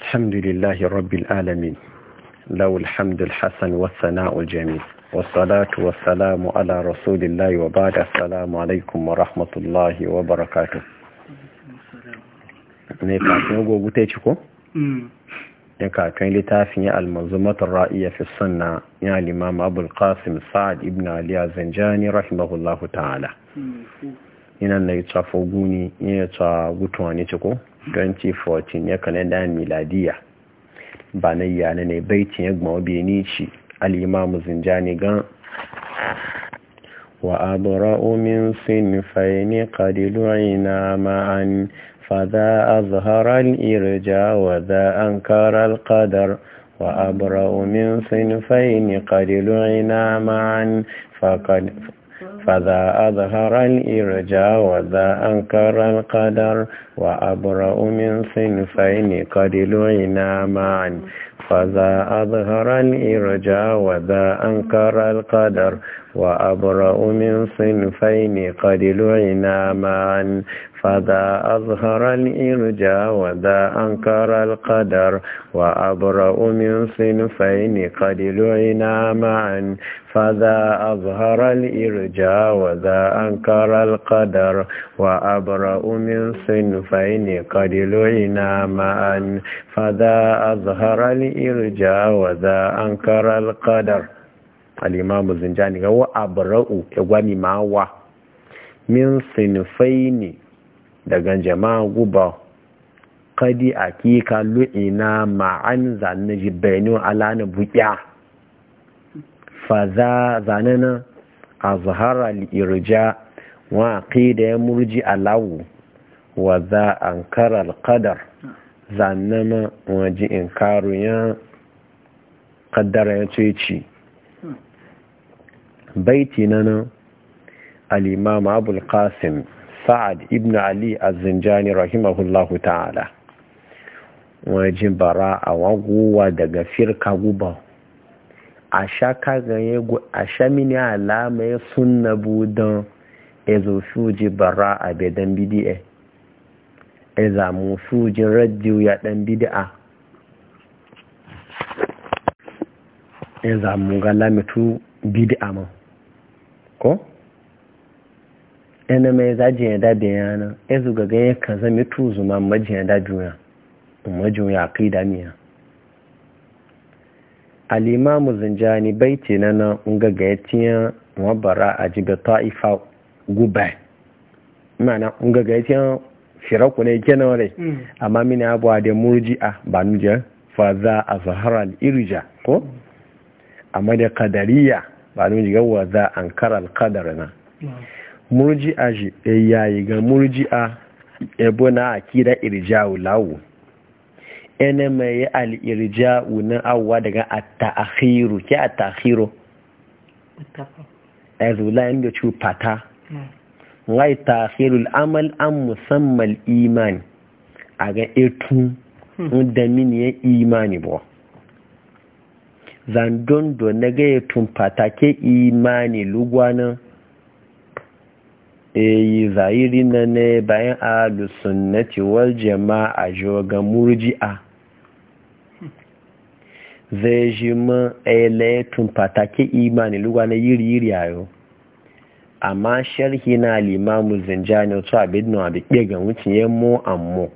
الحمد لله رب العالمين له الحمد الحسن والثناء الجميل والصلاة والسلام على رسول الله وبعد السلام عليكم ورحمة الله وبركاته ne kafin gogu ciko? Mm. ya kafin littafin ya almanzumatar ra'iya fi sunna ya limam abul qasim sa'ad ibn ali zanjani rahimahullahu ta'ala mm, ina na yi tsafo guni ya tsa gutuwa ne ciko? 2014 ya kanada miladiya ba na iya na ne baitin ya gbawa biyu ni ci alimamu zinjani gan wa abura omin sin fai ni kadilu aina ma'an za a zahara irija wa za an kara alkadar wa abura omin sin fai ni kadilu aina ma'an فذا أظهر الإرجاء وذا أنكر القدر وأبرأ من صنفين قد لعنا معا فذا أظهر الإرجاء وذا أنكر القدر وأبرأ من صنفين قد لعنا معا فذا أظهر الإرجاء وذا أنكر القدر وأبرأ من صنفين قد لعنا معا فذا أظهر الإرجاء وذا أنكر القدر وأبرأ من صنفين قد لعنا معا فذا أظهر الإرجاء وذا أنكر القدر alimamu zinjani ga wa abra'u ya gwani mawa min ne daga jama'a guba kadi akika lu'ina ma'an zanen jibbenu alana buƙya fa za na a zahara irja wa da ya murji alawu wa za an alƙadar kadar na waje in karu ya kaddara ya ce baiti na nan al-imam abul qasim sa'ad ibn ali az-zinjani rahimahullahu ta'ala wajen bara a wagowa daga firka guba a sha kagaye a sha mini alama ya sunna budan ezo suji bara a bedan bidi'a e zamu sujin radiyo ya dan bidi'a e zamu ga lamitu bidi'a ma ko yana mai zaji ya dabe yana ya zuga ga ya kan zama tuzu ma majin ya dajuya majin ya kai damiya alimamu zinjani bai ce na na nga ga ya tiya wabara a jibe ta'ifa guba mana nga ga ya tiya firaku ne kenan wale mm. amma mini abuwa da murji a nujiyar fa za a zahara irja ko amma da kadariya malamin jiga wa za an karar kadar na murji'a shi eh, yayi ga murji'a ebo eh, na kira irja'u lawo ene mai al-irja'u na awwa daga at-ta'khiru ke at-ta'khiru azula inda ci pata ngai ta'khirul amal an imani iman aga etu hmm. da mini ya imani bo do na gaya tun ke imani lugwana eyi zahiri na ne bayan alusunnati wal jama'a joga murji'a zai ji ma ele tun ke imani lugwana yiri yiri ayo amma sharhi na limamu zinjani otu abin na abin ɗaya ga wucin ya mo amo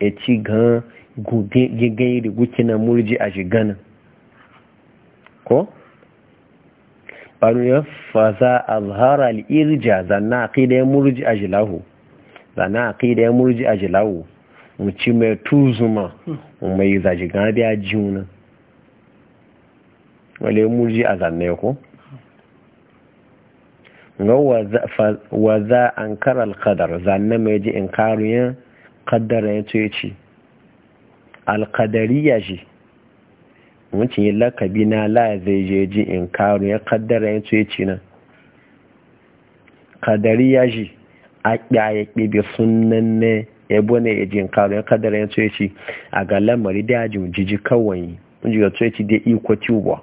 e ci gan gugin gigin iri guki na murji a shiganin ko ɓanuwa faza azhara al'irja zanna a ƙida murji a jilahu zanna a ƙida ya murji a jilahu ci mai tuzuma mai zaji gabi a jiuna wale murji a zanne ko ga waza an karar kadar zanne mai ji in karu yin kaddara ya ce ce ya ji. wancin yi lakabi na la zai je ji in karu ya kaddara ya tsoye ci nan kadari ya ji a ɗaya ƙibi sunan ne ya bane ya ji in karu ya kaddara ya tsoye a ga lamari da ajin jiji kawai wunji ga tsoye ci da iko tuba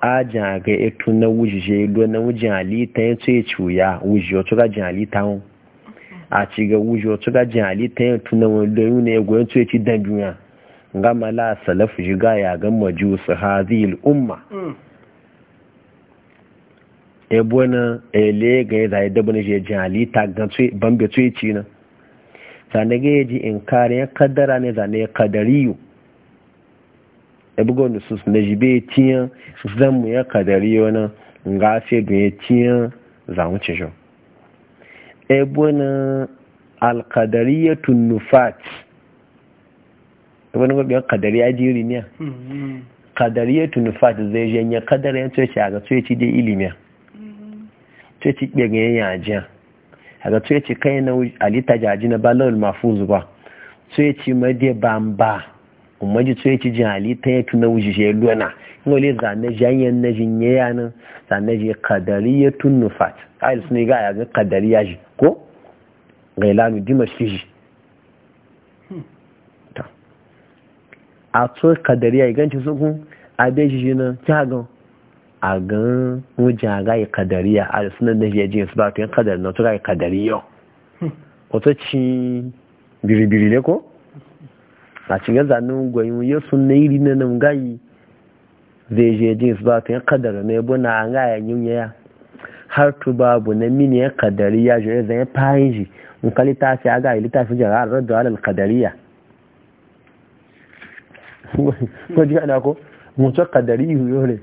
ajin ga etu na wujije ilo na wujin halitta ya tsoye ci ya wujije otu ga jin halitta hun a ci ga wujije otu ga jin halitta ya tuna wani loyu na ya goyon tsoye ci dan duniya gama la salafu jiga ya gan su hazi umma mm. e buwana ele ga da da bane je jali ta gan bambe tsoye ci na zane ga ji in kare ya kaddara ne zane kadariyu e bugon ne su na jibe zan mu ya kadari kadariyo na nga se ya tiya zamu ci shi e buwana al qadariyatu nufat wani mabiyan kadari ya mm-hmm. tunu fata zai janye ya tsoci a ga tsoci dai ilimiya mm-hmm. tsoci ɓirin yajiya a ga tsoci kai na alita jaji na balawar mafuzu zuwa tsoci made bamba umarji tsoci jin alita ya tuna luna luwana wale zane janyen na jinye yanin zane je ya tunufat a yi suna ga a ga ya ji ko gailanu dimashi ji a tso kadariya iganci sukun a bai shi na kyagan a gan wajen a gayi kadariya a da sunan da jiya jiya su ba tuyen kadari na tura kadariya wato ci biribiri ne ko a ci gaza nan gwayin ya sun na iri na nan gayi zai je jiya su ba tuyen kadari na yabo na an gaya yin yaya har tu babu na mini ya kadariya jiya zai fayin shi in ka littafi a gayi littafin jara a radda alal kadariya ko ji ana ko kadari ne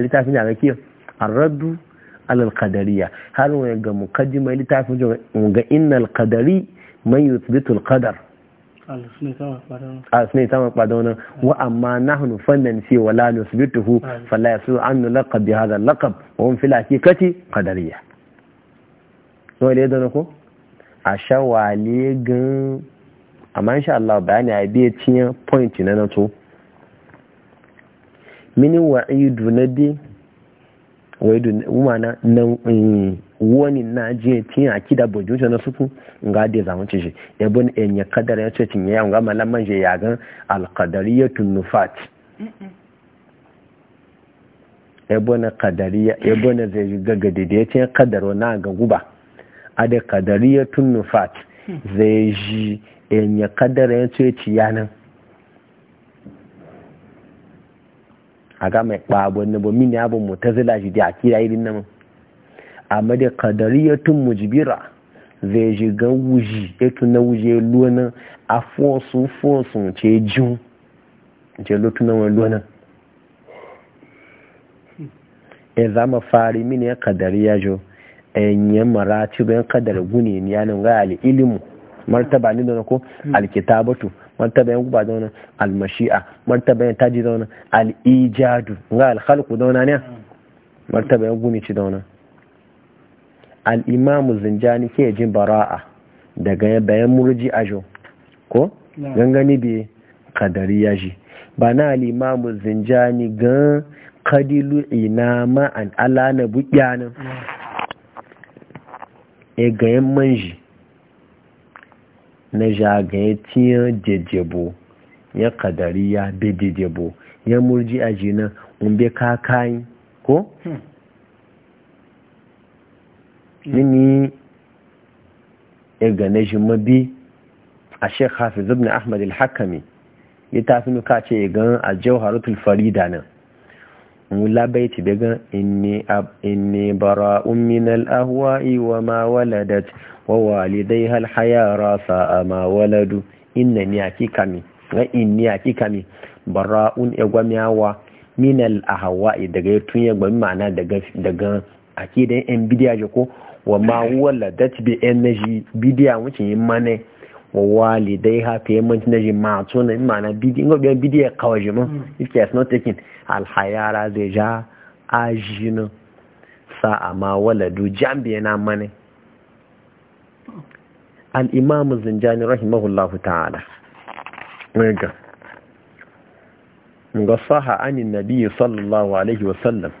littafi ne a ga kiyo har wani ga mukaddima littafin ga innal qadari man yuthbitu al qadar alsunai ta wani wa amma nahnu fannan ce wa la nusbituhu fala yasu an laqab bi hadha ya zana ko gan amma insha Allah bayani a biya cinye point na na to mini wa'idu na di wa'idu umana na mm, wani na jiya cinye a kida bojin na suku nga da zamun ci shi yabo ne en ya kadar ya ce cinye ya nga malaman je ya gan alqadariyatun nufat yabo na kadariya yabo zai gaggade da ya cinye kadaro na ga guba a da kadariyatun nufat hmm. zai ji in ya kaddara ya ce ciyanin a ga mai ɓabon na bomin ya mu ta zila shi da kira irin nan amma da mu mujibira zai shiga wuji etu na wuje lona a fosu fosu ce jin ce lotunan wani lona e zama fari mini ya kaddari ya jo en yi mara ci bayan kadar gune yanin ga al'ilimu martaba ni da ko hmm. alkitabatu martaba yan guba da wani almashi'a martaba yan taji da wani alijadu nga alkhalqu da wannan ne hmm. martaba yan gumi ci da wani al-imam zinjani ke jin bara'a daga bayan murji ajo ko gangani bi kadariya ji ba na al-imam zinjani gan kadilu ina ma an ala na buƙyanin e gayen manji na jagaye tiyan jejjebo ya kadariya be jejjebo ya murji a jinan umbe kakayi ko? nini hmm. ya gane shi mabi a sheikh hafiz ibn ahmad hakami ya tafi nuka ce ya gan a jawharatul farida nan la baiti daga inni ab inni bara'un min al wa ma waladat wa walidayha al-haya rasa ma waladu innani mi ga inni hakikami bara'un egwamiyawa min al-ahwa'i daga tun ya gwami ma'ana daga akidan yan bidiya ko wa ma waladat bi energy bidiya wucin yin mane walidai ha payment na jin mato na ima na bidi ingo biya bidi ya kawo jin ma ike as zai ja aji na sa a ma waladu na mani al'imam zinjani rahimahullahu ta'ala rega ga saha an anin nabi sallallahu alaihi wasallam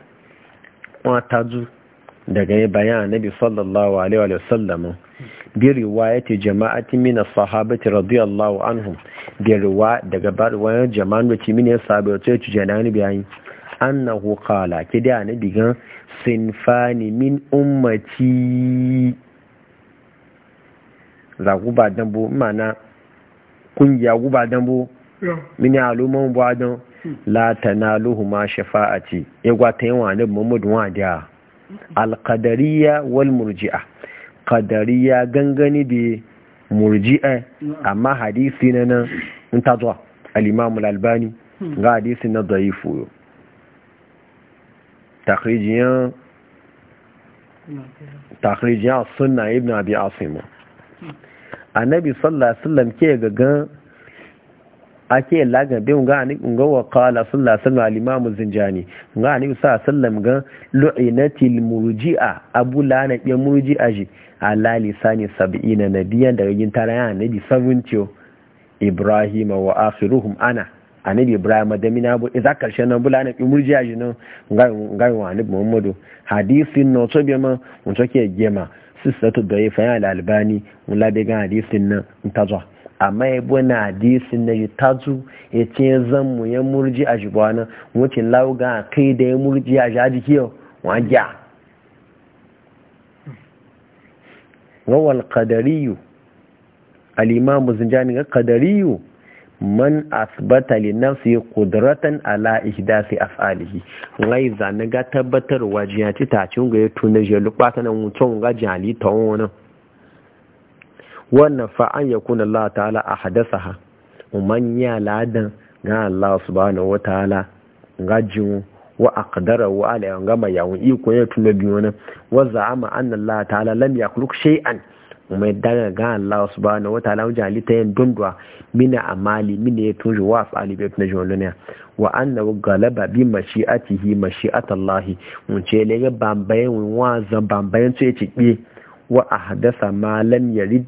wata ju daga yi bayan nabi sallallahu alaihi wasallam bir riwayati jama'atin min as-sahabati radiyallahu anhum bi riwa daga barwayar jama'an da min ya sahabi wato ya ci janani bayani annahu qala kida ne digan sinfani min ummati za guba dambo mana kungiya guba dambo mini alumman bu adon hmm. la tanaluhu ma shafa'ati ya gwata wa ne muhammadu wa da hmm. qadariyya wal murji'ah kadariya gangani da murji'a mm. amma hadisi na nan in ta zuwa al'imamu albani mm. ga hadisi na zai yau takrijiyan suna ibn abi asima mm. annabi sallallahu alaihi wasallam ke gagan ake laga bin ga ni ga wa qala sallallahu alaihi wasallam al-imam zinjani ga ni sa sallam ga lu'inatil murji'a abu lana bi murji'a ji ala lisani sab'ina nabiyan daga tara taraya nabi 70 ibrahim wa akhiruhum ana anabi ibrahim da mina bu idza karshen nan bulana bi murji'a ji nan ga wa ni muhammadu hadisin no to bi ma mun to gema sisatu da yafa fa albani mun la bi ga hadisin nan ta amma ya buna hadisin na yutazu ya ce zan mu ya murji a shibana wucin lauga kai da ya murji a shaji kiyo wajiya wawal kadariyu alimamu zinjani ga kadariyu man asbata li nafsi qudratan ala ihdasi af'alihi ngai ga tabbatar wajiya ta cin ga yato na je lukwa ta mutum ga jali ta wani wannan fa'an ya kuna Allah ta'ala a hadasa ha umar ya ladan ga Allah na wa ta'ala ga jiwu wa aqdara wa ala gama mai yawon iko ya tuna biyu wani wa za'ama anna Allah ta'ala lam yakhluq shay'an umma daga ga Allah na wa ta'ala wajen halitta yin dundwa mina mali mina ya tunji wa su bai tuna jiwon duniya wa anna galaba bi mashi'atihi mashi'atallahi mun ce le ga bambayen wa zan bambayen ce ce wa ahdasa ma lam yarid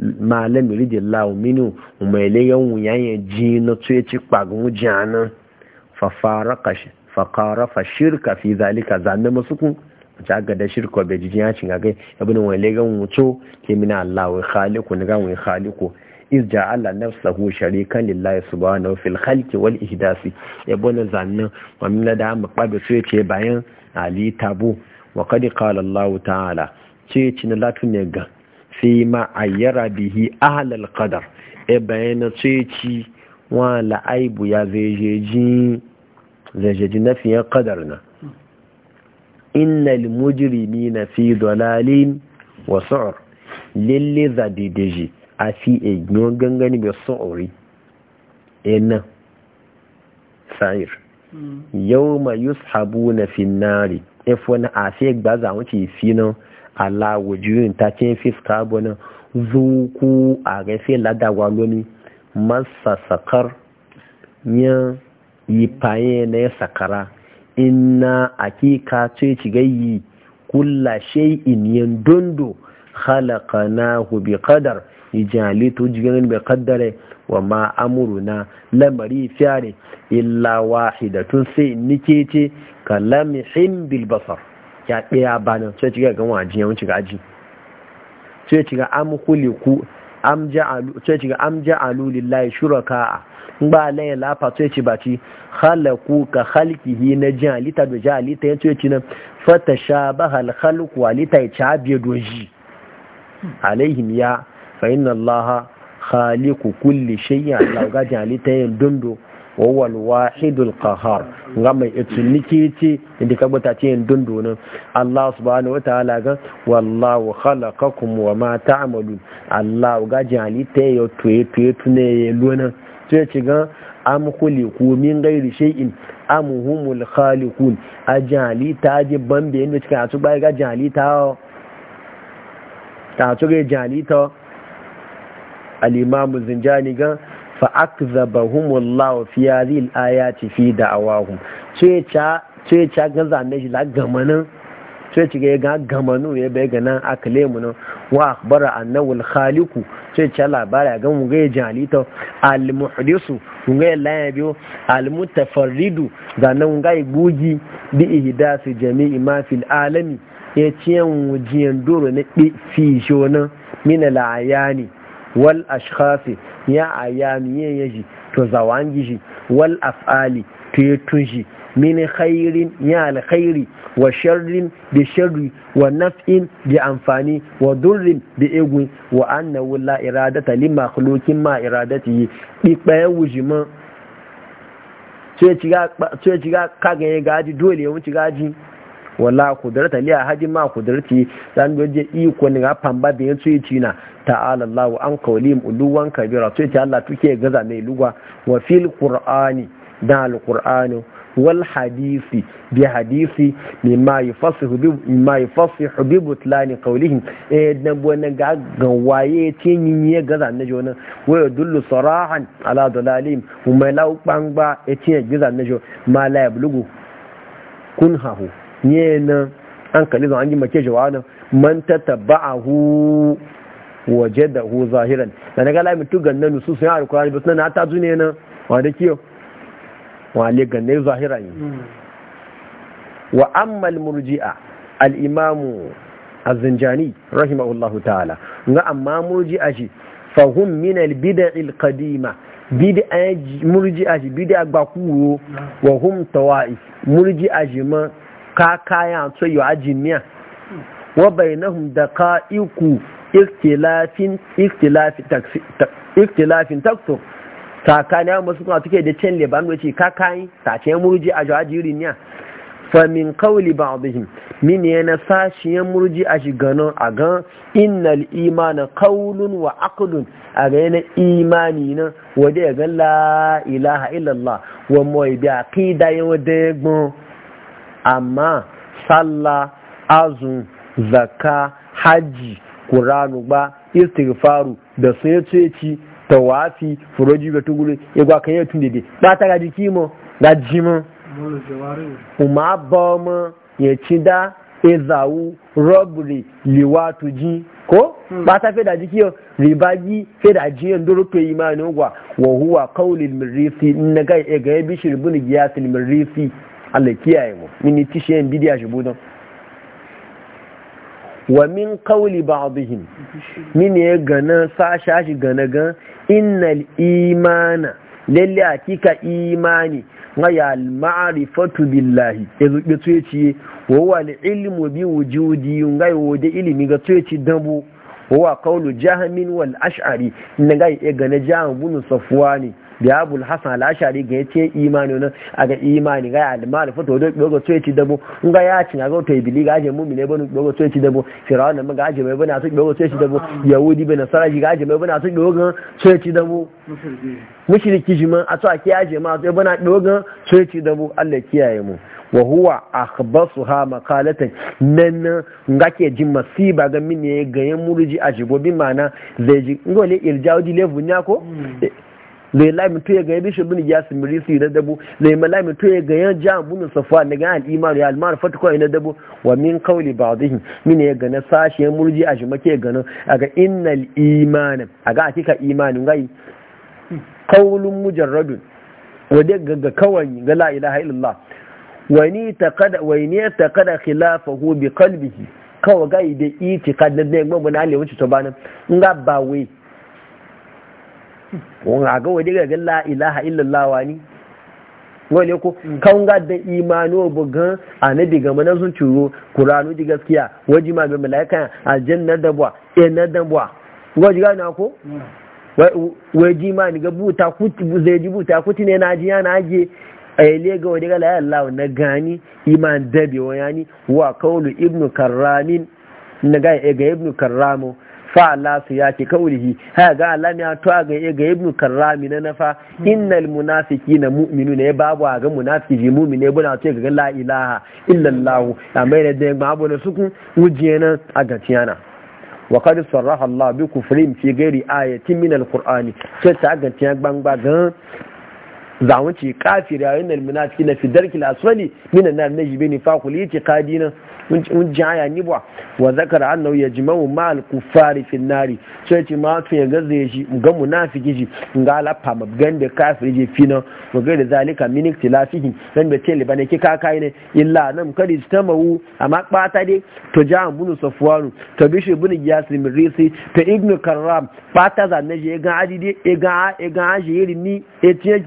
malam ridin lawo minu umaile yawon yayin ji na tsoye ci kpagun jana fakarafa shirka fi zalika zanen masu kun wace aga da shirka bai jijin yacin gagai abin wani gan wuto ke mina allah wai khaliku ni gan wai khaliku iz ja'ala nafsahu sharikan lillahi subhanahu fil khalqi wal ihdasi yabon zannan wa min da amma kwabe so yace bayan ali tabu wa qad qala allah ta'ala ce cin latun ne ga fi ma ayyara bihi ahlal qadar e bayana ceci wa la'aibu ya zejeji na fiye qadar na mujirimi na fi dalalin wa su'ur lille zadideji a fi egnon gangani bi e na sa'ir hmm. yawma na fi nari efo na afi gbaza wuce fi nan ala wujuyin ta ce fiska ku zuku a gafe ladawa lomi masa sakar ya yi faye na ya sakara inna akika ce cigayi kulla shay'in yan dondo na bi kadar ijali to jigan bai qadare wa ma na lamari fiare illa wahidatun sai nike ce kalamhin bil basar ya ɗaya ba nan sai ci ga waje ya wuce gaji sai ci ga am khuliqu am ja'alu sai ci ga am ja'alu lillahi shuraka'a in ba lan ya lafa sai ci baci khalaqu ka khalqihi na jalita da jalita ya ce ci nan fatashabaha al khalqu walita ya ci doji alaihim ya fa inna allaha khaliqu kulli shay'in Allah ga jalita yin dondo wawal wahidul qahar nga mai etu ti inda ka gbata ce yin dundunan Allah subhanahu wataala ga wallahu khalaqakum wa ma ta'malun Allah ga jali te yo tuye tuye ne ye lona sai ci ga am khuliqu min ghairi shay'in am humul khaliqun ajali ta ji bambe inda ka su bai ga jali ta ta su ga jali ta al-imam zinjani ga fa'akzabahumullahu fi hadhihi al-ayati fi da'awahum ce ce ca ga zame shi la gamanin sai ci ga gamanu ya bai ganan akale mu nan wa akhbara annahu al-khaliqu sai ci labari ga mu ga jalita al-muhdisu mu ga laya biyo al ga nan ga bugi bi ihdasi jami'i ma fil alami ya ci yan wujiyan doro na fi shona min al wal ashkhafi ya ayami ya yaji to zawangi shi wal af'ali to ya tunji min khairin ya alkhairi wa sharrin bi sharri wa naf'in bi amfani wa durrin bi egwin wa annahu la iradata li makhluqin ma iradatihi bi paye wujima sai ci ciga kage gaji dole ya wuce gaji wala kudurta liya ahadi ma kudurti dan doje iko ni ga pamba be yace cina ta'ala Allah an kawlim uluwan kabira to yace Allah tuke gaza mai lugwa wa fil qur'ani da alqur'ani wal hadisi bi hadisi mimma yufassihu bi mimma yufassihu bi butlani qawlihi eh dan gona ga gawaye tin gaza na nan wa yadullu sarahan ala dalalim kuma lau bangba etin gaza na jo ma la yablugu kunhahu yana an kalli zan an yi make jawanin man ta hu waje da hu zahiran da na gala mutu ganna nusu sun yi alkurani basu na ta zune na da kiyo le ganna zahiran ne hmm. wa ammal murji'a al-imamu zinjani rahimahullahu ta'ala ga amma murji'a shi fahum min al-bid'i bid'a murji'a shi bid'a gbakuwo hmm. wa hum tawa'i murji'a shi ma ka kaya to yi ajin jimiya wa bainahum da ka iku ikhtilafin takso kakani amma suka tuke da can liban wace kakani ta ce murji a jawajiri niya fa min qawli na min shi sashiyan murji a gano a ga innal imanin kawulun wa aqdun a ga yana imani na wade ga la ilaha illallah wa a bi aqida wadda ya gbon amma sallah azun zaka hajji kuranu ba istighfaru da sai tawafi furoji da tugulu igwa kan yi tun dede ba ta gaji kimo gaji mo kuma ba mo ya ci da ezawu robbery liwatu ji ko hmm. ba ta fi da jiki yau ribagi fi da ji yan pe imanin gwa wa huwa na ga e e bishir Allah kiyaye mu mini tishiyan bidiya shi budan wa min qawli ba'dihim min ya gana sasha shi gana gan innal imana lalle hakika imani ngaya al ma'rifatu billahi yazo be tuyaci wa huwa al ilmu bi wujudi ngai wode ilimi ga tuyaci dambo wa qawlu jahmin wal ash'ari ngai e gana jahmin bunu safwani da abul hasan al'ashari ga yace imani a ga imani ga al-mal fa to dogo so yace dabo nga ya cin aga to ibili ga je mu'mine banu dogo so yace dabo firawun nan ga aje mai bana so dogo so yace dabo yahudi bana saraji ga aje mai bana so dogo so yace dabo mushriki jima a to ake aje ma so bana dogo so yace dabo Allah kiyaye mu wa huwa akhbasuha maqalatan nan ngake jin masiba ga mini ga yan murji a bi mana zai ji ngole irjaudi levu nyako hmm. zai lami to ya gaya bishin bin yasin mirisi na dabu zai ma lami to ya gaya jihar bunin safuwa na gayan imanu ya almar fata kawai na dabu wa min kauli ba zuhi mini ya gana sashi ya murji a shi make gano a ga innal imanin a ga akika imanin gai kaulun mujarradun wadda ga kawai ga la ilaha illallah wani ta kada khilafahu bi kalbihi kawai gai da iti kadar da ya gbagwana alewacin ta banan in ga ba wọn a ga wadda ga la ilaha illallah wani wani ko kan ga da imanu bugan na diga mana sun ciro qur'anu di gaskiya waji ma bi malaika jin na dabuwa e na dabuwa waji ga na ko waji ma ni ga buta kuti zai ji buta kuti ne na ji yana aje eh, aile ga wani ga la lawa, na gani iman dabe wani wa kaulu ibnu karramin na ga eh, ga ibnu karramu fa'ala su ya ce kaulihi ha ga alami ya to ga ga ibn karrami na nafa innal munafiqina mu'minuna ya babu ga munafiki mu'mine buna ce ga la ilaha illallah amma da da babu na suku wujiyana a gatiyana wa qad sarraha Allah bi kufrin fi ghairi ayatin min al-qur'ani sai ta gatiyana gbangba za mu ce kafir yayin da munafiki na fidarki asfali min nan na jibe ni fa kuli ti qadina mun jaya ni ba wa zakara annahu yajma'u ma al fi nari sai ce ma tun ya gaza shi ga munafiki ji ga lafa mabgan da kafir je fina wa ga da zalika min iktilafihi dan da ce libane ki ka kai ne illa nam kadi istamawu amma bata dai to ja bunu safwanu to bishi bunu yasir min risi to ibnu karram bata zanne je ga dai e ga e ga ajiri ni e tiye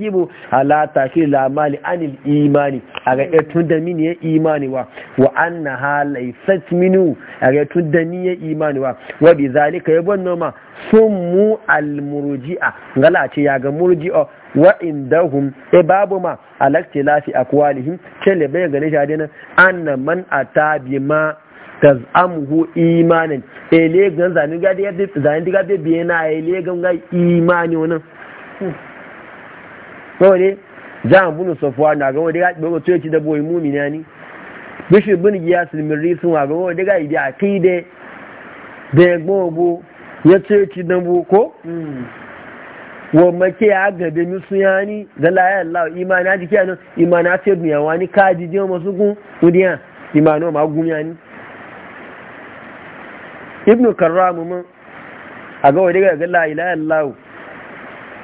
ala tafi lamali anil imani a ga e tun da mini ya imani wa wa anna halai minu a ga e tun da ni ya imani wa wa bi zalika ya bon noma sun mu al murji'a ce ya ga murji'a wa indahum e babu ma alaktilafi akwalihim kele bayan gane shi adina anna man atabi ma tazamuhu imanin ele gan zanin ga da zanin ga biye na ele gan ga imani wannan kawai za a bunu sofuwa na ga da ya ɗi wato da boye mumi na ni bishir bin giya silmirri sun wa ga da ga da a kai da da ya gbogbo ya ce da dabo ko hmm. wa make ya gabe musu ya ni da laye Allah imani a jiki anan imani a ce duniya wani kaji jiya masu gun kudiya imani ma ya ni ibnu karramu mun a ga da ga da laye illallah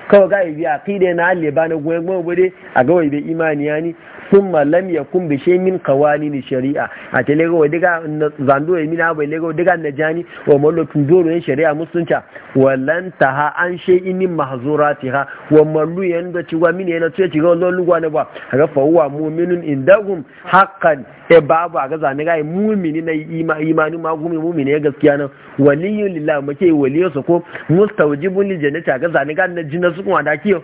kawai ga ibi aqida na alle ba na goyen goyen a ga bai imani yani summa lam yakun bi shay'in qawanin shari'a a te lego diga zando e mina ba lego diga najani wa tun tudoro yin shari'a musunta wallan taha an shay'in min mahzuratiha wa mallu yanda ci wa mine na ce ci ga lollu gwa ne ba ga fa huwa mu'minun indahum haqqan e babu ga zane ga mu'mini na imani ma gumi mu'mini gaskiya nan waliyyu lillahi make waliyyu su ko mustawjibun lil jannati ga zane ga na jinna su kuma da kiyo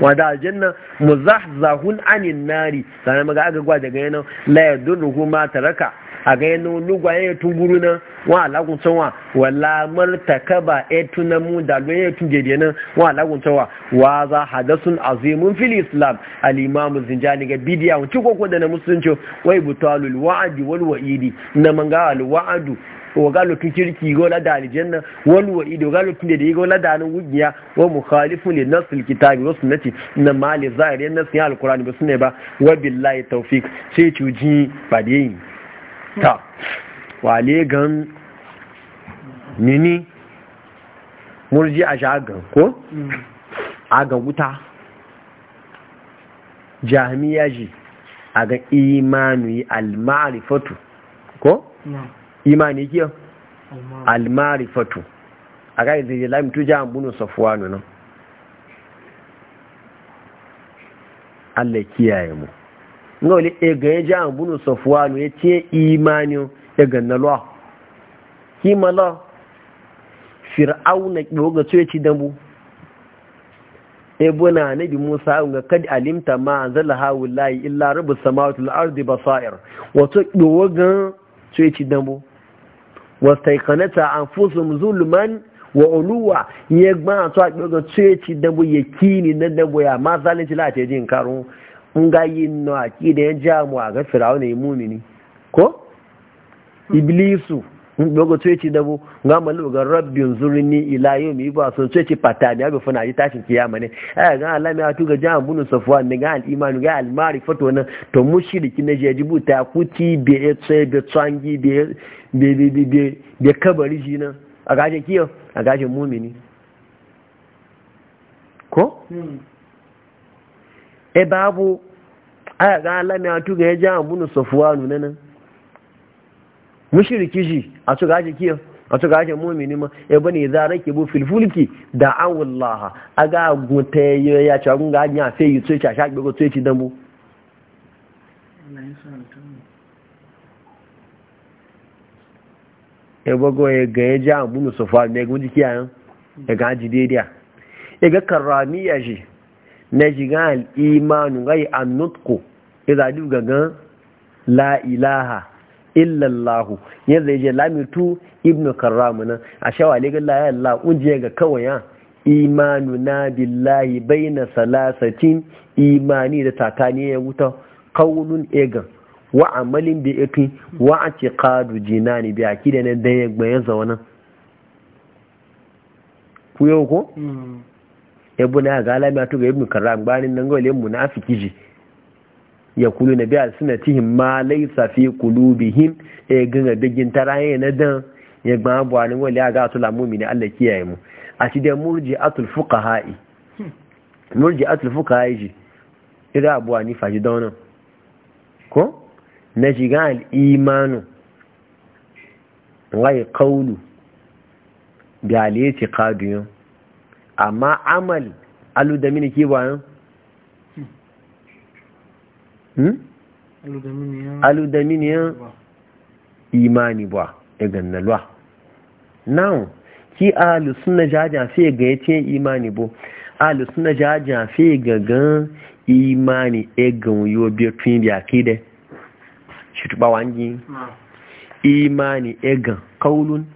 wadda aljanna muzahzahun anin nari sana maga aga gwa daga yana la ruhu ma taraka a ga yana lugwa ya tunguru na wa alagun tsawa wala martaka ba mu da lo ya tun da na, wa alagun tsawa wa za hadasun azimun fil islam al'imamu zinjani ga bidiya wuce koko da na musulunci wai butalul wa'adi wal wa'idi na manga al wa'adu waga lokacin kirki go la da aljanna wal wa'id waga lokacin da ya go na da nan wugiya wa mukhalifu li nasil kitabi wa sunnati na mali zahiri na sunan alqur'ani ba sunne ba wa billahi tawfik sai cuji bade ta wale gan nini murji a shagan ko a ga wuta jami'a ji a ga imanu al-ma'rifatu ko imani kiyo almarifatu a ga yanzu ya lami tuja an bunu safuwa nuna Allah kiyaye mu nga wale e ga ya an bunu safuwa ya ce imani ya ganna lo lwa kima lwa fir'auna ɗoga so ya ci dambu ne nabi musa ga kad alimta ma zala hawulayi illa rubu samawati ardi basair wato ɗoga so ya ci dambu an anfusuhum zulman wa uluwa ya gba to a gbe tse dabo ya ni na dabo ya ma zalunci la te jin karu in ga yin no akida ya ja mu a ga firawuna ya mumini ko iblisu dogo ce ci dabo ga malu ga rabbin zurni ila yau mi ba sun ce ci fata ne abin funa yi tashin kiyama ne eh ga Allah mai atu ga jama'a bunu safwa ne ga al-imanu ga al-mari fato nan to mushriki ne je jibu ta kuti be e tsoye be tsangi be be be be be kabari shi nan a gaje kiyo a gaje mumini ko hmm. e babu ai ga Allah mai atu ga jama'a bunu safwa nan mushiriki shi a su gaji kiyo a su gaji mu'mini ma ya e bane za rake bu filfulki da an wallaha a ga gunta ya ci gun gaje ya sai tso ce a shagbe go tso ce dan bu ya e bago ya e ga ya ji a bu musufa ne gun jiki yan ya ga ji daidai ya ga ya shi na ga al'imanu gai annutku ya zaɗi gaggan la ilaha illallahu yanzu ya je lamitu ibnu karramu a shawali ga la yalla jiya ga kawai ya imanuna billahi baina salasatin imani da takani ya wuta qaulun egan wa amalin bi ikin wa atiqadu jinani bi akida nan dan ya zaune nan ku yau ko ibnu hmm. ga alamiya ga ibnu karram gbanin nan ga munafiki ji ya kulu na biya suna tihin ma laisa fi kulubihim e gina bigin tarayen na dan ya e, gba buwanin wali a gasu lamumi ne Allah kiyaye mu a shi dai murji atul fuka ha'i hmm. murji atul fuka ha'i ira abuwa ni fashi daunan ko na shiga al'imanu wai kaulu da aliyaci kadiyon amma amal alu da mini Hmm? aludaminiyan imani ba egan na lwa now ki alu suna jaja fi ga ya ce imani bo alu suna jaja fi ga gan imani egan yo biyar tun ke akide shi tuba wangi imani egan kaulun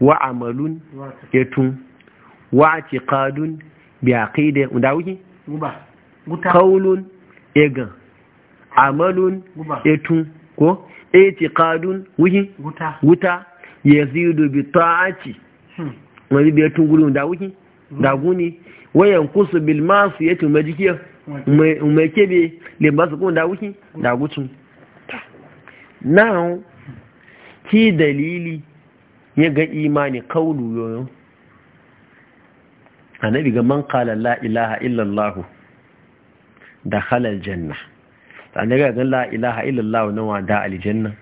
wa amalun etun wa biya bi akide da wuki kaulun egan amalun etun ko etiqadun wuhi wuta yazidu bi ta'ati hmm. wani bi etun gudun da wuhi hmm. da guni wayan kusu bil masu yatu majikiya mai hmm. kebe le masu kuma da wuhi da gutun now ki dalili ya ga imani kaulu yoyo annabi ga man qala la ilaha Illallahu. da halal janna tsanne ga zan la'ilaha illallah na wada aljanna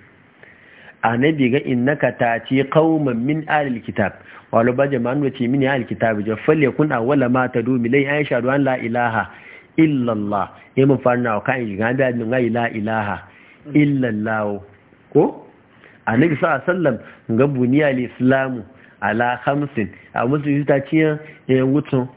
annabi ga innaka tati qauman min alil kitab walau ba jama'an wace min alil kitab ja falle kun awwala ma tadu Lai aisha duwan la ilaha illallah ya mun farna wa kan ga da min la ilaha illallah ko annabi sallallahu alaihi wasallam ga buniya al-islamu ala khamsin a musulunci ta ciyan yan wutun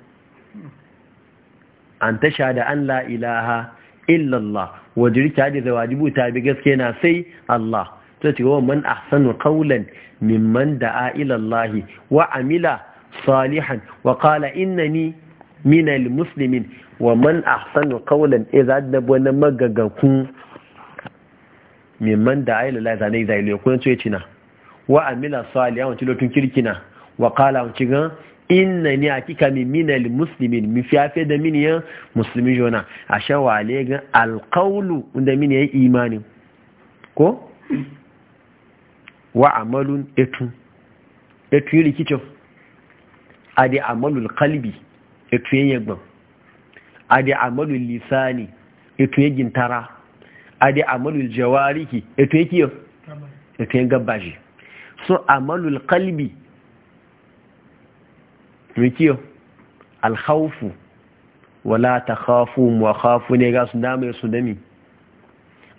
an ta da an la’ilaha ilaha illallah wajen rike hadisa wajibu ta bi gaske na sai Allah ta ce wa man ahsanu qawlan mimman da'a ila Allah wa amila salihan wa ina innani minal-musulmin. wa man ahsanu qawlan za da na magagaku mimman da'a ila Allah zane zai lokunan cewa cina wa amila salihan wa tilotun kirkina wa kala wa cigan inna ni hakika min minal muslimin min fiyafe da min ya muslimi jona a shawale ga alkaulu da ya yi imanin ko wa amalun etu etu yi rikicin a da amalun kalbi etu yi yagban a da amalun lisani etu yi gintara a da amalun jawariki etu yi kiyo etu yi gabashi so amalun kalbi mikiyo alhaufu wala ta khafu wa khafu ne ga su dame su dami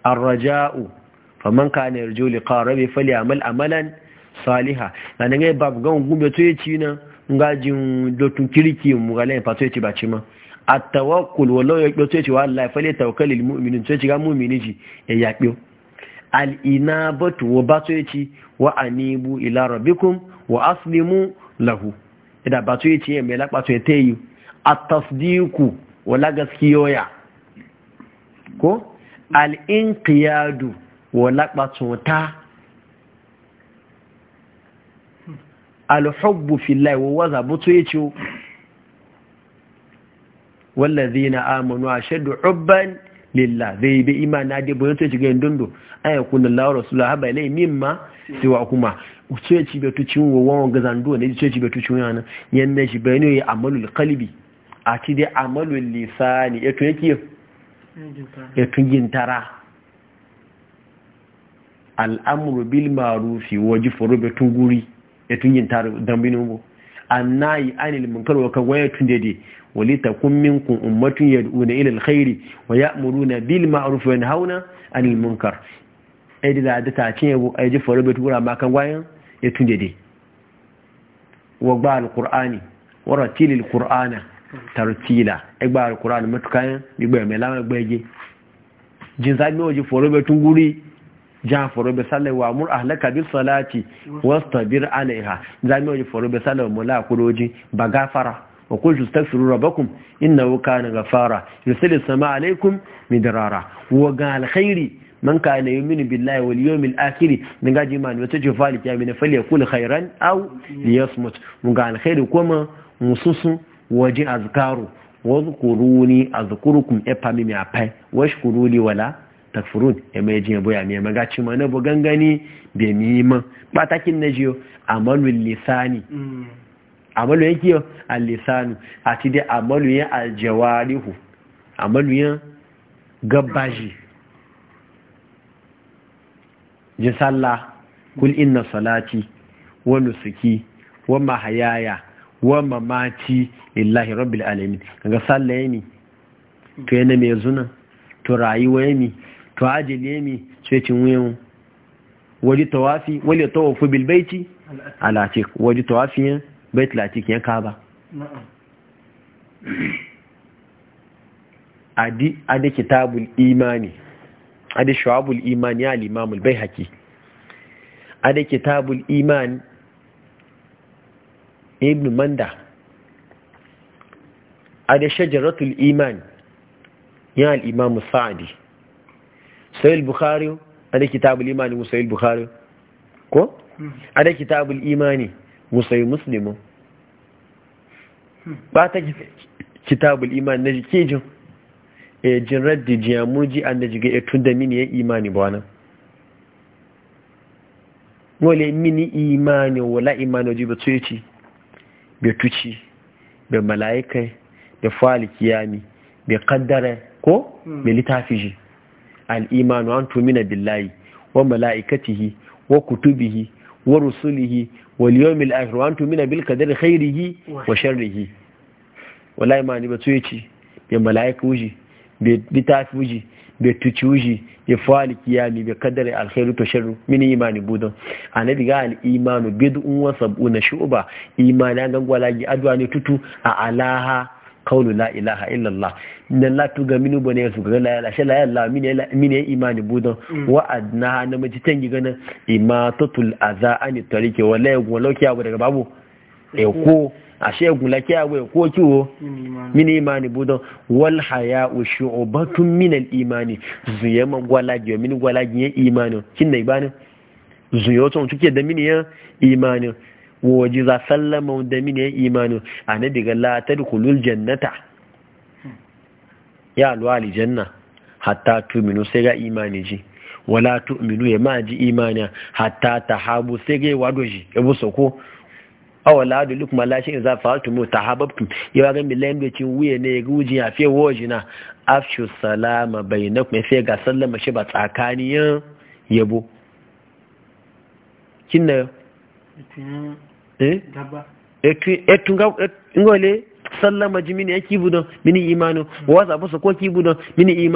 arraja'u faman ka ne yarju liqa rabbi falyamal amalan saliha nan ga babu gan gube to yaci na ngajin dotun kiriki mu ga lai fato yaci baci ma at-tawakkul wala ya to yaci wallahi fali tawakkalil mu'minin to yaci ga mu'mini ji ya yakyo al-inabatu wa bato yaci wa anibu ila rabbikum wa aslimu lahu idan ba su yi ciye mai laɓa su ya ta yi a tasdiku wala gaskiyoya ko al'inkiyadu wala ɓatsota alhubbu fillahi wa waza butu ya ce wallazi na amonu a shaddu ubban lillah zai bi imana da bunyatu ya shiga yin dundu an yi kunan lawar mimma siwa kuma uceci betu wa wawon ga zando ne uceci betu cin yana yanda shi bai ne amalul qalbi a ci dai amalul lisani yato yake yato gintara al'amru bil ma'rufi wajfuru betu guri yato gintara dambinu bo annayi anil munkar wa waya tun dede wali takun minkum ummatun yad'una ila alkhairi wa ya'muruna bil ma'ruf wa yanhauna anil munkar ai da da ta ce ai ji faru betu gura ma kan gwayan ya tun dede wa gba alkur'ani wa ratilil qur'ana tartila e gba alkur'ani matukayan gbigbe me lawa gbeje jin za mi oji foro be tun guri ja foro be sale wa mur ahlaka bis salati wastabir alaiha za mi oji foro be sale mo la kuroji gafara wa qul tastaghfiru rabbakum innahu kana ghafara yursilis sama alaikum midrara wa ga alkhairi man kana yu'minu billahi wal yawmil akhir min ga jimani wata ce fali ya min fali yakul khairan aw liyasmut mun ga alkhairu kuma mususu waje azkaru wazkuruni azkurukum epami mi apai washkuruli wala takfurun e mai jin boya mi ga ci mana bo gangani be mi ma batakin na jiyo amalul lisani amalu yake yo al-lisanu ati de amalu ya al-jawarihu amalu ya gabaji ji sallah kul inna salati wa nusuki wa mahayaya wa mamaci lillahi rabbil alamin kaga sallah ne to yana mai zuna to rayuwa ne to ajali ne sai cin wuyan waje tawafi wale tawafu bil baiti alatik waje tawafi bait latik ya kaba adi adi kitabul imani ada shawabul iman ya limamul bai baihaqi ada kitabul iman ibn manda ada shajaratul iman ya al sa'adi Sayyid bukhari ada kitabul iman musahih bukhari ko hmm. ada kitabul imani musahih muslimu hmm. ba ta kitabul iman na jikejin e jin raddi jiya murji an da jiga etu da mini ya e imani ba wani wale mini imani wala imani wajiba tsoyaci ba tuci mala'ikai be fali kiyami be kaddara ko hmm. bai littafi al'imanu an tumina billahi wa mala'ikatihi wa kutubihi wa rusulihi wa liyomil ahiru an tumina bil kadar khairihi wa sharrihi wala imani ba tsoyaci bai mala'ika wuji bi tafi uji bai tuci uji ya fali kiyami bai kadari alkhairu to sharru min imani budan anabi ga al imanu bid'un wa na shu'ba imani an gangwala gi adwa ne tutu a alaha qawlu la ilaha illa allah inna la tuga minu bane su ga la ilaha illa allah min mini imani budan wa adna na majitan gi ganin imatatul ani an tarike wala ya daga babu eko ashe gulake awe ko kiwo min imani budon wal haya wa shu'batun min al imani zuye ma gwala je min gwala je imani kin ne ibani zuye to tuke da min ya imani waji za sallama da min ya imani ana diga la tadkhulul jannata ya alwali janna hatta tuminu sai ga imani ji wala tu'minu ya ma ji imani hatta tahabu sai ga wadoji ya busako awala ladu lukuma lashe in za fa'altu mu tahabbtum yawa ga milan da cin wuye ne ga wujin ya fe jina afshu salama kuma fe ga sallama shi ba tsakaniyan yabo kinna eh etu ngole sallama jimini yake budon mini imanu wa za ko mini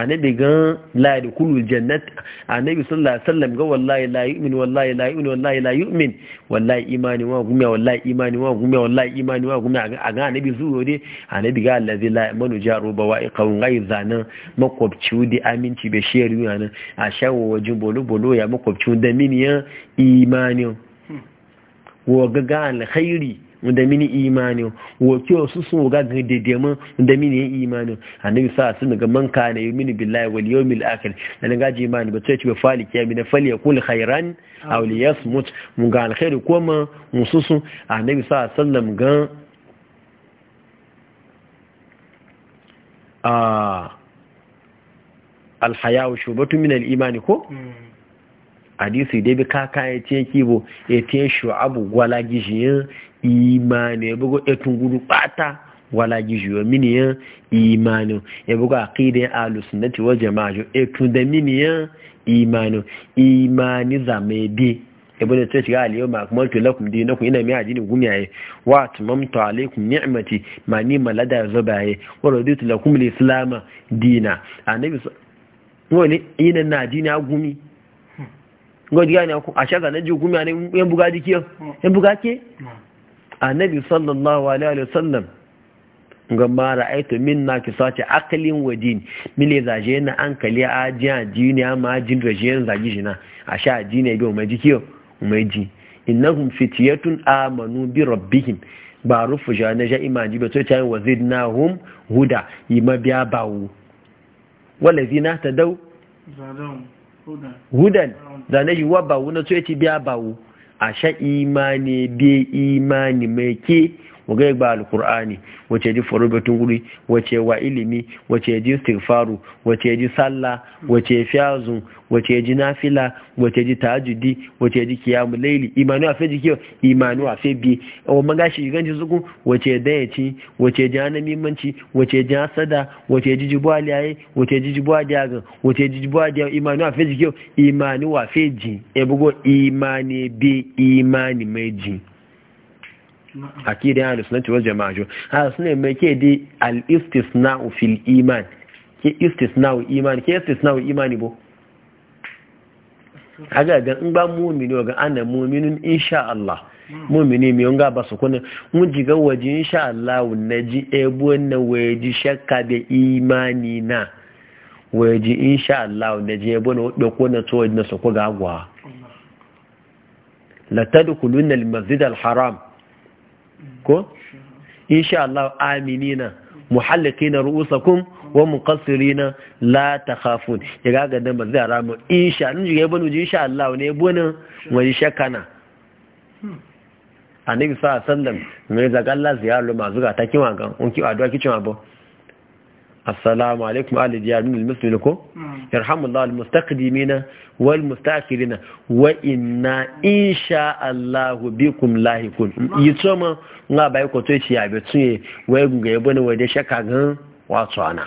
annabi gan la yadkhulul jannat annabi sallallahu alaihi wasallam ga wallahi la yu'min wallahi la yu'min wallahi la yu'min wallahi imani wa gumi wallahi imani wa gumi wallahi imani wa gumi a ga annabi zuwa dai annabi ga allazi la manu jaru ba wa iqaw zanan makwabci da aminci be shiyar yana a shawo wajin bolo bolo ya makwabci da miniyan imani hmm. wa ga ga alkhairi da mini imani wakiyo su sun ga daidai mun da mini imani annabi sa sun ga man kana mini billahi wal yawmil akhir dan gaji imani ba sai ci ba fali kiyami na fali yakul khairan aw liyasmut mun ga alkhairi ko ma mususu annabi sa sallam ga a ah, wa shubatu min al-imani ko hmm. hadisi dai bi kaka ya ce kibo ya te shu'abu gwala gishiyin imani ya bugo etun gudu bata wala gishiyo miniyan imani ya bugo aqidin ahlus sunnati wal jama'a etun da miniyan imani imani zamede ibn ta shiga al ma akmaltu lakum dinakum ina mi ajini gumiyaye wa atmamtu alaykum ni'mati ma ni malada zubaye wa raditu lakum al-islam dina annabi wani ina na dina gumi gwaji gane ku a shaga na jikun ya yan buga jikiyar yan hmm. buga ke hmm. annabi sallallahu alaihi ga mara aito min na ki sace akalin wadin mile zaje na an kali a jiya jiniya ma jin da jiyan zagi jina a sha jiniya bi mai jikiyar mai ji innahum fitiyatun amanu bi rabbihim ba rufu ja na ja imanji ba to ta wazidnahum huda yi mabiya bawo walazina tadaw zadahum hudan da na yiwuwa bawu na tsoye ci biya bawu a sha imani biya imani mai ke yi ba alkur'ani wace ji farubatun guri wace wa ilimi wace ji istighfaru wace ji sallah wace fiyazu wace ji nafila wace ji tahajjudi wace ji kiyamu laili imanu afe ji kiyo imanu afe bi o manga shi ji zuku wace dayaci wace ji hana mimanci wace ji hasada wace ji jibu aliyaye wace ji jibu adiyagan wace ji jibu adiyagan imanu afe ji kiyo imanu afe ji bugo imani bi imani mai jin. akidin ahlus sunnati wal jama'a jo ha ne me ke di al istisna'u fil iman ke istisna'u iman ke istisna'u imani bo aga ga in ba mu'mini ga ana mu'minun insha Allah mu'mini mi yonga ba su kuna mun ga waje insha Allah naji ebo na waje shakka da imani na waje insha Allah naji ebo na wadda kuna to na su ku ga agwa la tadkhuluna al masjid al haram ko insha Allah aminina muhallikina ru'usakum wa muqassirina la takhafun yaga ga dan bazai ramu insha Allah ji banu ji insha Allah ne bonu wani shakana annabi sallallahu alaihi wasallam mai zaga Allah ziyaru mazu ga takin wa ga unki addu'a kicin abu. assalamu alaikum ali diyar min almuslimin ko hmm. yarhamullahu almustaqdimina wal mustaakirina wa inna insha Allah bikum lahikun hmm. yitso ma nga bai ko to ci yabe tun we gunga yebo ne wede shaka gan wato ana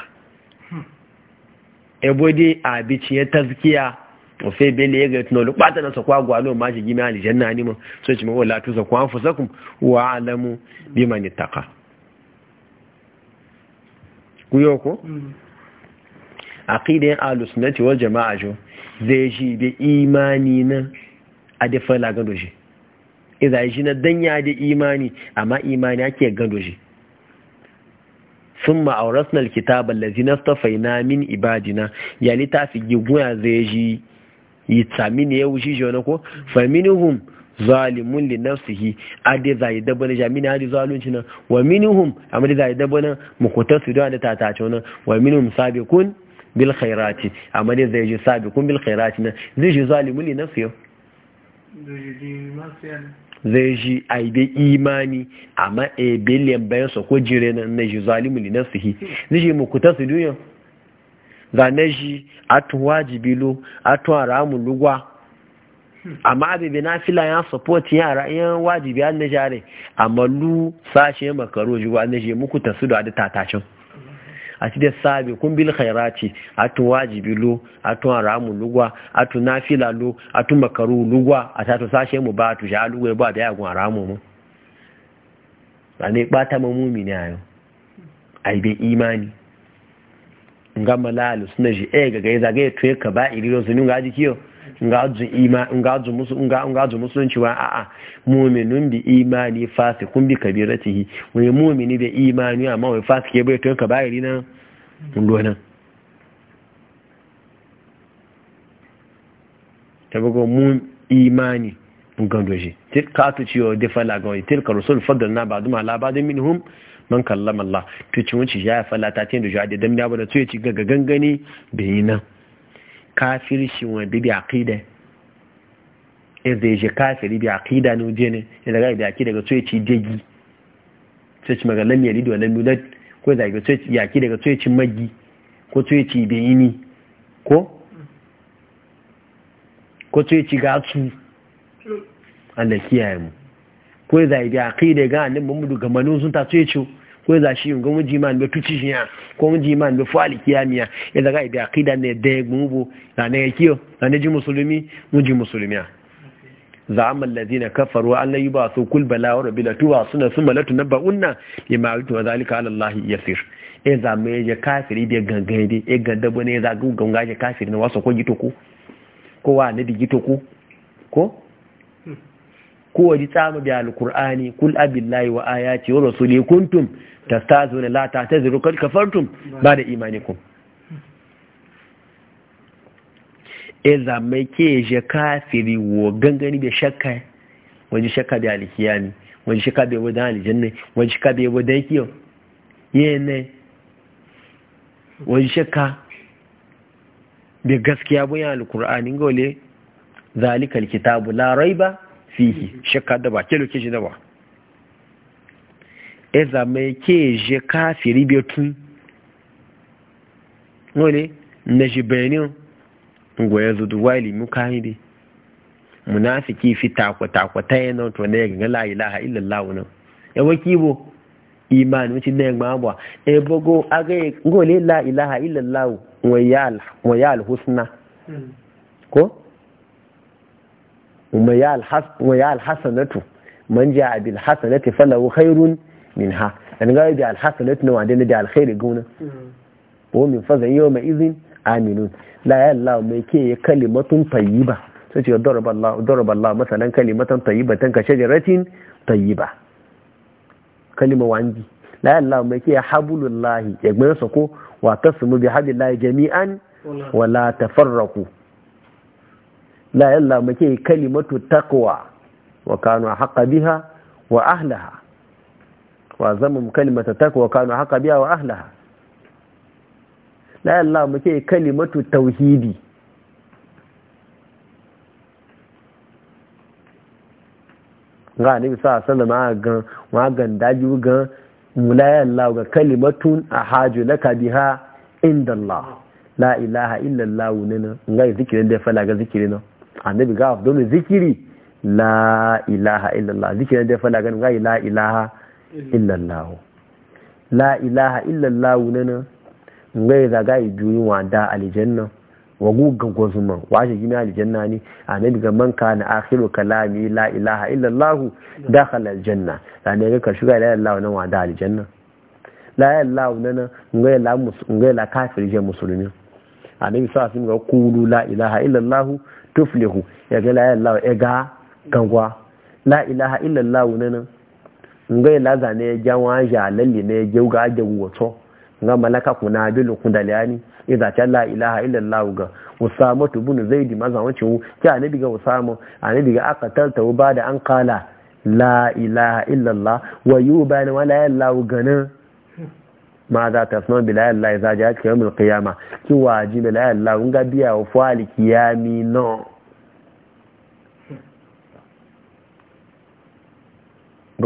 ebo hmm. di abici ya tazkiya o fe bele ga tuno lu pata na so kwa gwa no ma shi gimi aljanna ni mo so ci mo wala tu so kwa fusakum wa alamu bimani taqa kuyo ko mm. aqidan ahlus sunnati wal jama'a jo zai shi da imani na a da fala gado shi shi na danya da imani amma imani ake gado shi summa awrasna alkitaba allazi nastafaina min ibadina ya litafi giguya zai shi yi tsamini ya wuce shi wani ko faminihum zalimun li nafsihi ade zai dabba na jamini ade zalunci nan wa minhum amade zai dabba na mukutar su da tatace nan wa minhum sabiqun bil khairati amade zai ji sabiqun bil khairati nan zai ji zalimun li nafsihi zai ji aibe imani amma e biliyan bayan sa ko jire na na ji zalimun li nafsihi zai ji mukutar su duniya zane shi atun wajibi lo atun aramun lugwa amma bebe na fila ya support yara yan wajibi an na amma lu sashe makaro ji wa je muku ta su da tatacin a ti da sabi kun bil khairati atun wajibi lu atun ramu lugwa atun fila lu atun makaro lugwa a tatu sashe mu ba tu ja lugwa ba da yagun ramu mu ne bata mu ne ayo ai be imani ngamba lalu suna ji e ga ga za tuye ka ba iri zo nun ga ji kiyo ngazu musulunci wa a'a muminun bi imani fasikun bi kabiratihi wai mumini da imani amma Fasi fasike bai to ka bayari nan lona tabago mun imani gando shi tilka tu ciyo da fala ga wai tilka rusul faddalna ba'dum ba ba'din minhum man kallama Allah to cin wuci ya fala ta tin da jadi dan ya bada to ya ci gaga gangani bayina shi wa bi aqida in zai je kafiri bi aqida ne je ne ya daga bi aqida daga tsoyi degi sai ci magana ne rido nan mu ko da ga tsoyeci ya ga tsoyeci magi ko tsoyi ci bayini ko ko tsoyeci ci su Allah kiyaye mu ko da bi aqida ga annabi Muhammadu ga manun sun ta tsoyeci ko za shi ngo mu jiman da tuci shi ya ko mu jiman da fali kiyamiya ya daga ibi akida ne da gumbu da ne kiyo da ne ji musulmi mu ji musulmiya za'ama allazina kafaru an ba su kul bala wa rabbil tuwa suna summa la tunabbauna bima yutu wa zalika ala allah yasir e za me je kafiri be gangan dai e ganda bo ne za gu ganga je kafiri ne wasu ko gito ko ko wa ne digito ko ko ko waje tsama bi alqur'ani kul abillahi wa ayati wa rasuli kuntum tastazuna la ta'taziru qad kafartum da imanikum eza mai ke je kafiri wo gangani be shakka waje shakka be alkiyami waje shakka be wadan aljanna waje shakka be wadan kiyo yene waje shakka be gaskiya bayan alqur'ani gole zalikal kitabu la raiba fihi shakka da ba ke lokaci da ba ẹza mẹ́kẹ́ ṣe káfìrí bí tún wọ́n ni na ṣe bẹ̀rẹ̀ ní ngwa ya zo duwa ilimin munafiki fi takwatakwata ya nan to na ya ganga la ilaha illallah wannan ya waki bo imani wuce na ya abuwa e bogo aga ya ngole la ilaha illallah wa ya alhusna ko wa ya alhasanatu man ja bil hasanati falahu khairun min ha dan ga da alhasanat na wanda da alkhairi gona wa min faza yawma idhin aminun la ya Allah mai ke kalimatun tayyiba sai ce daraba Allah daraba Allah masalan kalimatan tayyibatan ka shajaratin tayyiba kalima wangi la ya Allah mai ke habulullahi yagban sako wa tasmu bi hablillahi jami'an wala tafarraqu la ya Allah mai ke kalimatu taqwa wa kanu haqqa biha wa ahliha wa zamum kalimata takwa kanu haka biya wa ahlaha la Allah muke kalimatu tauhidi ga nabi sa sallama ga magan daji ga mulaya Allah ga kalimatun ahaju laka biha inda Allah la ilaha illa Allah nana ga zikirin da fala ga zikirin annabi ga afdalu zikiri la ilaha illa Allah zikirin da fala ga la ilaha Mhm. illallahu la ilaha illallahu nana ngai zaga ijuyin da aljanna wa guga wa shi gina aljanna ne annabi ga man kana akhiru kalami la ilaha illallahu mhm. dakhala aljanna da ne ga shiga la ilaha nan da aljanna la ilaha nan ne ngai la ngai la kafir je musulmi annabi sa sun ga kulu la ilaha illallahu tuflihu ya ga la ilaha illallahu ya ga gangwa la ilaha illallahu nan. ngai laza ne ya jawa ja lalle ne ya jauga da wato ga malaka kuna bilu kudalani idza ta la ilaha illa allah ga usama ibn zaid maza wace ki annabi ga usama annabi ga aka talta ba da an kala la ilaha illa allah wa yuban wala allah ganin ma za ta suna bila allah idza ja ta yawmul qiyamah ki wajibi la allah ga biya wa fali kiyami no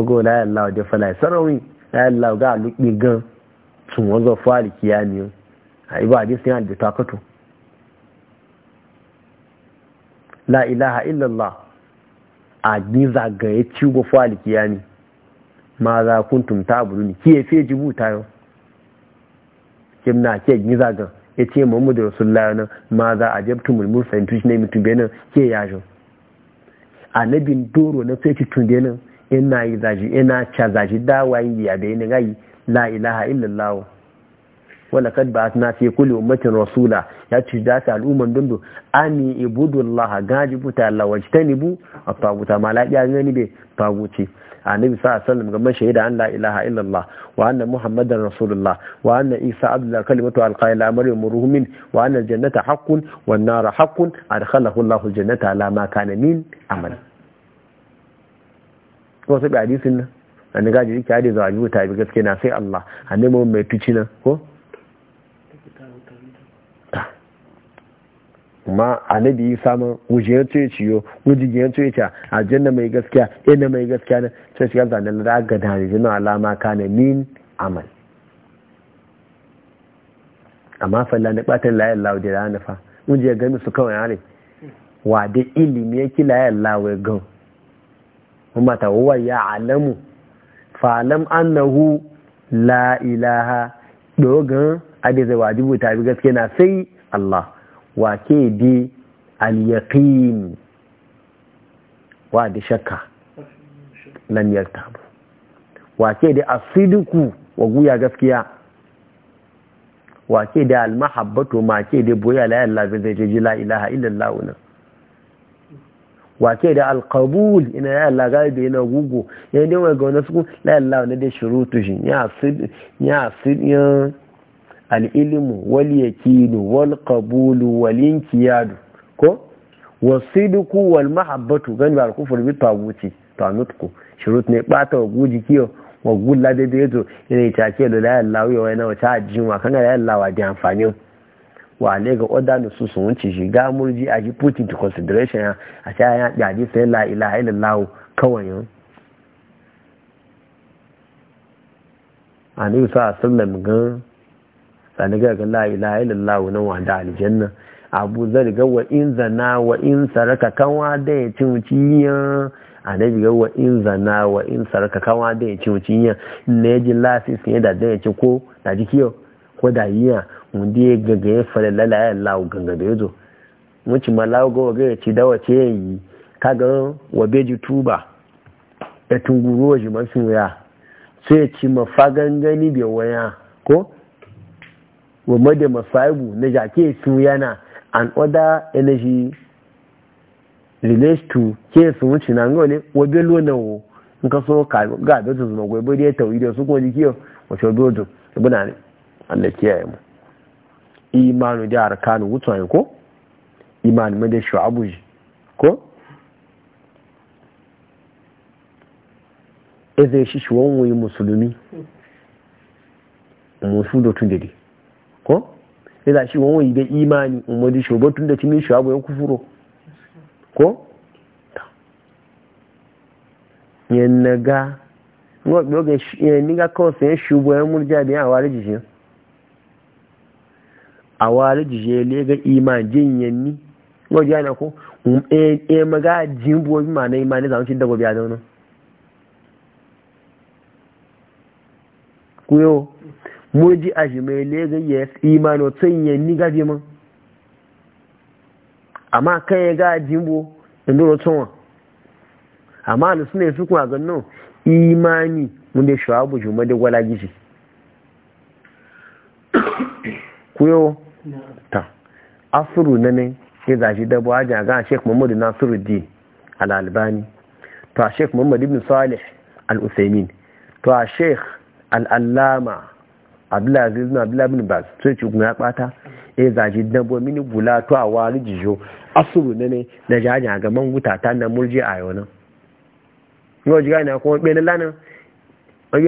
ya láyà láwọ̀ jẹ́ fẹ́lá ìsọ́rọ̀wìn láyà láwọ̀ gáà ga pín gan tún wọ́n zọ fún àlìkíyà ni ó àyíbá àdísí àdìtà kọ́tù la ilaha illallah a àgbínza gan ya ci go fún àlìkíyà ni ma za kun tumta abu ne kí efe jibu tayo kim na ke gbínza gan ya ci ce muhammadu rasulullahi nan ma za a jabtu mulmul fahimtu shi ne mutum benin ke a annabin doro na sai ci tunde nan ina yi zaji ina ca zaji dawa ya biya da yini gai la ilaha illallah wala kad ba na fi kulli ummatin rasula ya ci da ta al'umman dundu ani ibudullah gaji buta Allah wajtanibu at-taguta ma la ya ngani be A annabi sa sallam ga shaida an la ilaha illallah wa anna muhammadar rasulullah wa anna isa abdullah kalimatu alqaila maryam ruhumin wa anna jannata haqqun wan nar haqqun adkhalahu allah jannata ala ma kana amal ko sai hadisin nan annabi gaji yake hade zuwa ji mutabi gaske na sai Allah annabi mai tuci nan ko ma annabi yi samun wujiyar tuye ciyo wujiyar tuye a aljanna mai gaskiya ina mai gaskiya na sai shi yanzu annabi da ga dalilin alama kana min amal amma falla na batan layar lawo da rana fa wujiyar gami su kawai ne? wa da ilimi ya ki layar lawo ya gan mata huwa ya alamu falam annahu la ilaha dogon adizai wajibu ta bi gaske na sai Allah wa ke di al-yaqin wa da shakka lam yaktabu wa ke di asidiku wa guya gaskiya wa ke di al-mahabbatu ma ke di boya la ilaha illallah la ilaha illallah Wake da alkabul ina ya Allah galibi yana gugu ya dai wai ga wani suku la Allah wani da shurutu shi ya sid ya sid ya al-ilmu wal yaqinu wa qabulu wal inqiyadu ko wasidku wal mahabbatu gani ba kufur bi taguci tanutku shurut ne bata wa guji kiyo wa gulla daidai to ina ita ke da la Allah ya wai na wata ajin wa kan la Allah wa da amfani wale ga oda da su sun wuce shiga murji a ji put into consideration ya a sha ya yaji la ilaha illallah kawai yau annabi sa sallam ga sani ga la ilaha illallah nan abu zar ga wa in zana wa in saraka na da ya ci wuciya annabi ga wa zana wa saraka kanwa da ya ci wuciya ji lasis wanda ya gaga ya fara lalaya lawo ganga da ya zo wuce ma ga waga ci dawa ya yi kaga wabe ji tuba ya tunguru wa jiman sun ya sai ya ci mafa gangani bai waya ko wa mada mafaibu na jake sun yana an oda energy relates to ke sun wuce na ngole wabe lona in ka so ka ga da su zama da ya tauri da su kuma e kiyaye mu imanu da arkanu wutuwa ko imanu mai da shu'abu ko eze shi shi wani musulmi musu da tun dade ko eza shi wani da imani umar shi ba tun da cimin shu'abu ya kufuro ko yan naga ni ga kawai sayan shubu yan murja da yan awari jishin a wari jijele ga iman jin yanni wajen yana ko um, e, e maga jin buwobi ma na imani zamu cin dagobi a zaunan kuyo moji a shi mai lega yes imano tun yanni gaje man amma kan ya ga jimbo inda rotun wa amma alisu ne su kuma ganin imani wanda shawabu jumadin gwala gishi kuyo ta asuru na ne ya zaji dabo a jaga sheik muhammadu nasiruddin al'albani to a sheik muhammad ibn salih al'usaimin to a sheik al'allama abdulaziz na abdulabin bas sai ci ya bata ya zaji dabo mini gula to a wari jijo asuru na ne na jaji ga gaban wuta ta na murji a yau nan yau jiga ne kuma ɓe na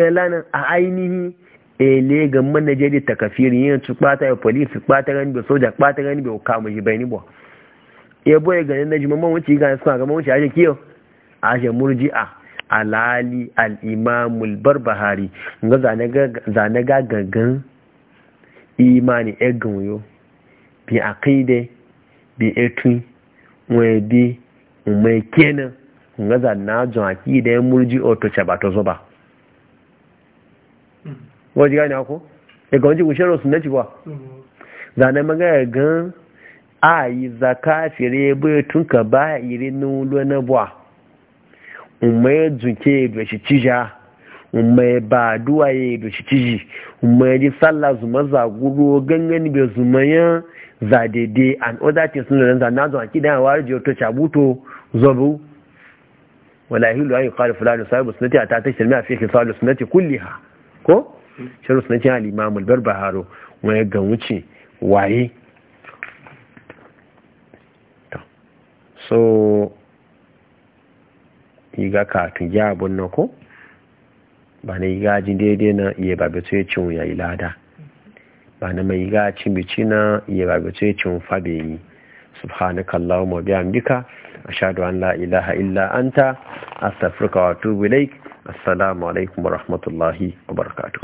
lanin a ainihi ele ga mana Najeriya ta kafirin yin su kpata ya polisi kpata gani bai soja kpata gani bai kama shi bai ni bo e ya boye gani na jima man wuce gani suna ga man wuce ashe kiyo ashe murji'a alali al'imamul barbahari ga zane ga gangan imani ya e ganyo bi aqide bi etun wadi e umai kenan ga zane na jo aqide murji'a to chaba to zuba wọ́n jí gáà ní akọ́ ẹ̀gàn jí wùṣẹ́ rọ̀sùn náà ti wà zànà magana gan a yi zaka fere bai tun ka ba iri nulo na buwa umar zuke da shi cija umar ba duwa ya da shi ciji umar ji sallah zuma zaguro gangan bai zuma ya zadede an oda ce sun lura zana zuwa kidan a wari jiyoto cabuto zobu wala hilu an yi kare fulani sahibu sunati a ta tashi a fiye ke sahibu sunati kulliha ko shirin sunan jihar limamul barbaharo wani ga wuce waye so yi ga katun ya abun ko ba na yi gaji daidai na iya babu ya cin ya yi lada ba na mai iga bici na iya babu ya cin fabe yi biya mbika a shaɗu an la'ilaha ilaha illa anta safirka wa tubu ilaik assalamu alaikum wa rahmatullahi wa barakatuh